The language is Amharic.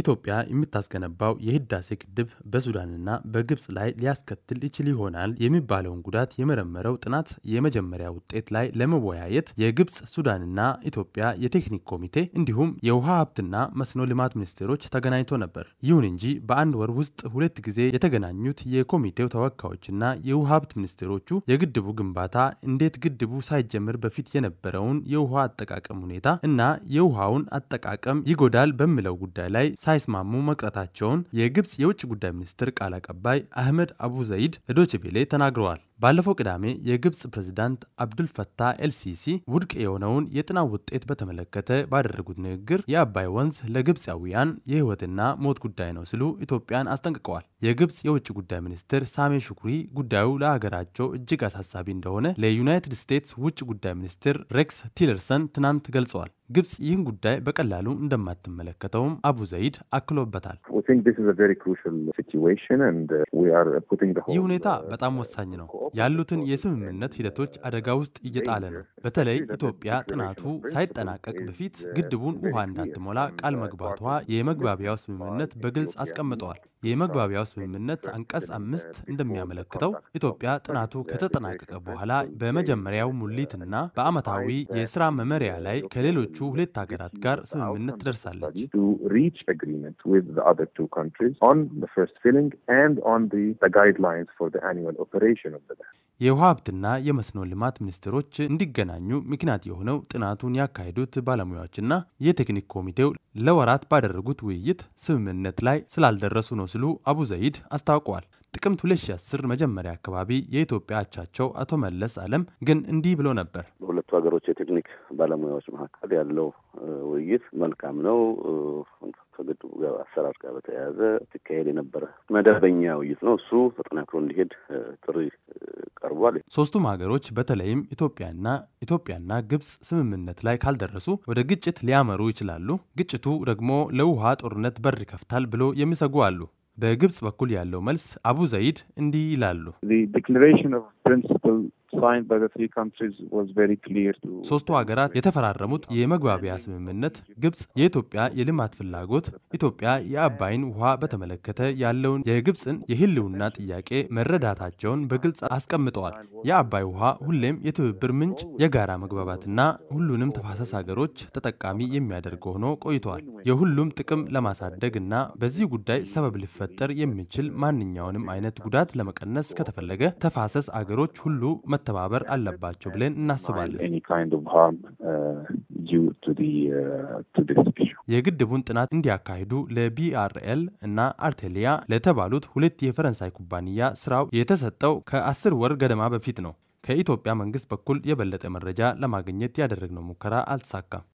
ኢትዮጵያ የምታስገነባው የህዳሴ ግድብ በሱዳንና በግብፅ ላይ ሊያስከትል ይችል ይሆናል የሚባለውን ጉዳት የመረመረው ጥናት የመጀመሪያ ውጤት ላይ ለመወያየት የግብፅ ሱዳንና ኢትዮጵያ የቴክኒክ ኮሚቴ እንዲሁም የውሃ ሀብትና መስኖ ልማት ሚኒስቴሮች ተገናኝቶ ነበር። ይሁን እንጂ በአንድ ወር ውስጥ ሁለት ጊዜ የተገናኙት የኮሚቴው ተወካዮችና የውሃ ሀብት ሚኒስቴሮቹ የግድቡ ግንባታ እንዴት ግድቡ ሳይጀምር በፊት የነበረውን የውሃ አጠቃቀም ሁኔታ እና የውሃውን አጠቃቀም ይጎዳል በሚለው ጉዳይ ላይ ሳይስማሙ መቅረታቸውን የግብፅ የውጭ ጉዳይ ሚኒስትር ቃል አቀባይ አህመድ አቡ ዘይድ ለዶችቬሌ ተናግረዋል። ባለፈው ቅዳሜ የግብፅ ፕሬዝዳንት አብዱል ኤልሲሲ ውድቅ የሆነውን የጥናት ውጤት በተመለከተ ባደረጉት ንግግር የአባይ ወንዝ ለግብፃውያን የህይወትና ሞት ጉዳይ ነው ሲሉ ኢትዮጵያን አስጠንቅቀዋል። የግብፅ የውጭ ጉዳይ ሚኒስትር ሳሜ ሹኩሪ ጉዳዩ ለሀገራቸው እጅግ አሳሳቢ እንደሆነ ለዩናይትድ ስቴትስ ውጭ ጉዳይ ሚኒስትር ሬክስ ቲለርሰን ትናንት ገልጸዋል። ግብፅ ይህን ጉዳይ በቀላሉ እንደማትመለከተውም አቡ ዘይድ አክሎበታል። uh, uh, ይህ ሁኔታ uh, በጣም ወሳኝ ነው። ያሉትን የስምምነት ሂደቶች አደጋ ውስጥ እየጣለ ነው። በተለይ ኢትዮጵያ ጥናቱ ሳይጠናቀቅ በፊት ግድቡን ውሃ እንዳትሞላ ቃል መግባቷ የመግባቢያው ስምምነት በግልጽ አስቀምጠዋል። የመግባቢያው ስምምነት አንቀጽ uh, አምስት እንደሚያመለክተው ኢትዮጵያ ጥናቱ ከተጠናቀቀ በኋላ በመጀመሪያው uh, ሙሊትና በዓመታዊ የስራ መመሪያ uh, ላይ ከሌሎቹ ሁለት ሀገራት ጋር ስምምነት ትደርሳለች። የውሃ ሀብትና የመስኖ ልማት ሚኒስትሮች እንዲገናኙ ምክንያት የሆነው ጥናቱን ያካሄዱት ባለሙያዎችና የቴክኒክ ኮሚቴው ለወራት ባደረጉት ውይይት ስምምነት ላይ ስላልደረሱ ነው ሲሉ አቡ ዘይድ አስታውቀዋል። ጥቅምት 2010 መጀመሪያ አካባቢ የኢትዮጵያ አቻቸው አቶ መለስ አለም ግን እንዲህ ብሎ ነበር። በሁለቱ ሀገሮች የቴክኒክ ባለሙያዎች መካከል ያለው ውይይት መልካም ነው። ከግድቡ ጋር አሰራር ጋር በተያያዘ ትካሄድ የነበረ መደበኛ ውይይት ነው። እሱ ተጠናክሮ እንዲሄድ ጥሪ ቀርቧል። ሶስቱም ሀገሮች በተለይም ኢትዮጵያና ኢትዮጵያና ግብጽ ስምምነት ላይ ካልደረሱ ወደ ግጭት ሊያመሩ ይችላሉ። ግጭቱ ደግሞ ለውሃ ጦርነት በር ይከፍታል ብሎ የሚሰጉ አሉ። በግብጽ በኩል ያለው መልስ አቡ ዘይድ እንዲህ ይላሉ። ሶስቱ ሀገራት የተፈራረሙት የመግባቢያ ስምምነት ግብጽ የኢትዮጵያ የልማት ፍላጎት፣ ኢትዮጵያ የአባይን ውሃ በተመለከተ ያለውን የግብጽን የህልውና ጥያቄ መረዳታቸውን በግልጽ አስቀምጠዋል። የአባይ ውሃ ሁሌም የትብብር ምንጭ፣ የጋራ መግባባትና ሁሉንም ተፋሰስ ሀገሮች ተጠቃሚ የሚያደርግ ሆኖ ቆይተዋል። የሁሉም ጥቅም ለማሳደግ እና በዚህ ጉዳይ ሰበብ ሊፈጠር የሚችል ማንኛውንም አይነት ጉዳት ለመቀነስ ከተፈለገ ተፋሰስ አገሮች ሁሉ መ መተባበር አለባቸው ብለን እናስባለን። uh, uh, የግድቡን ጥናት እንዲያካሂዱ ለቢአርኤል እና አርቴሊያ ለተባሉት ሁለት የፈረንሳይ ኩባንያ ስራው የተሰጠው ከአስር ወር ገደማ በፊት ነው። ከኢትዮጵያ መንግስት በኩል የበለጠ መረጃ ለማግኘት ያደረግነው ሙከራ አልተሳካም።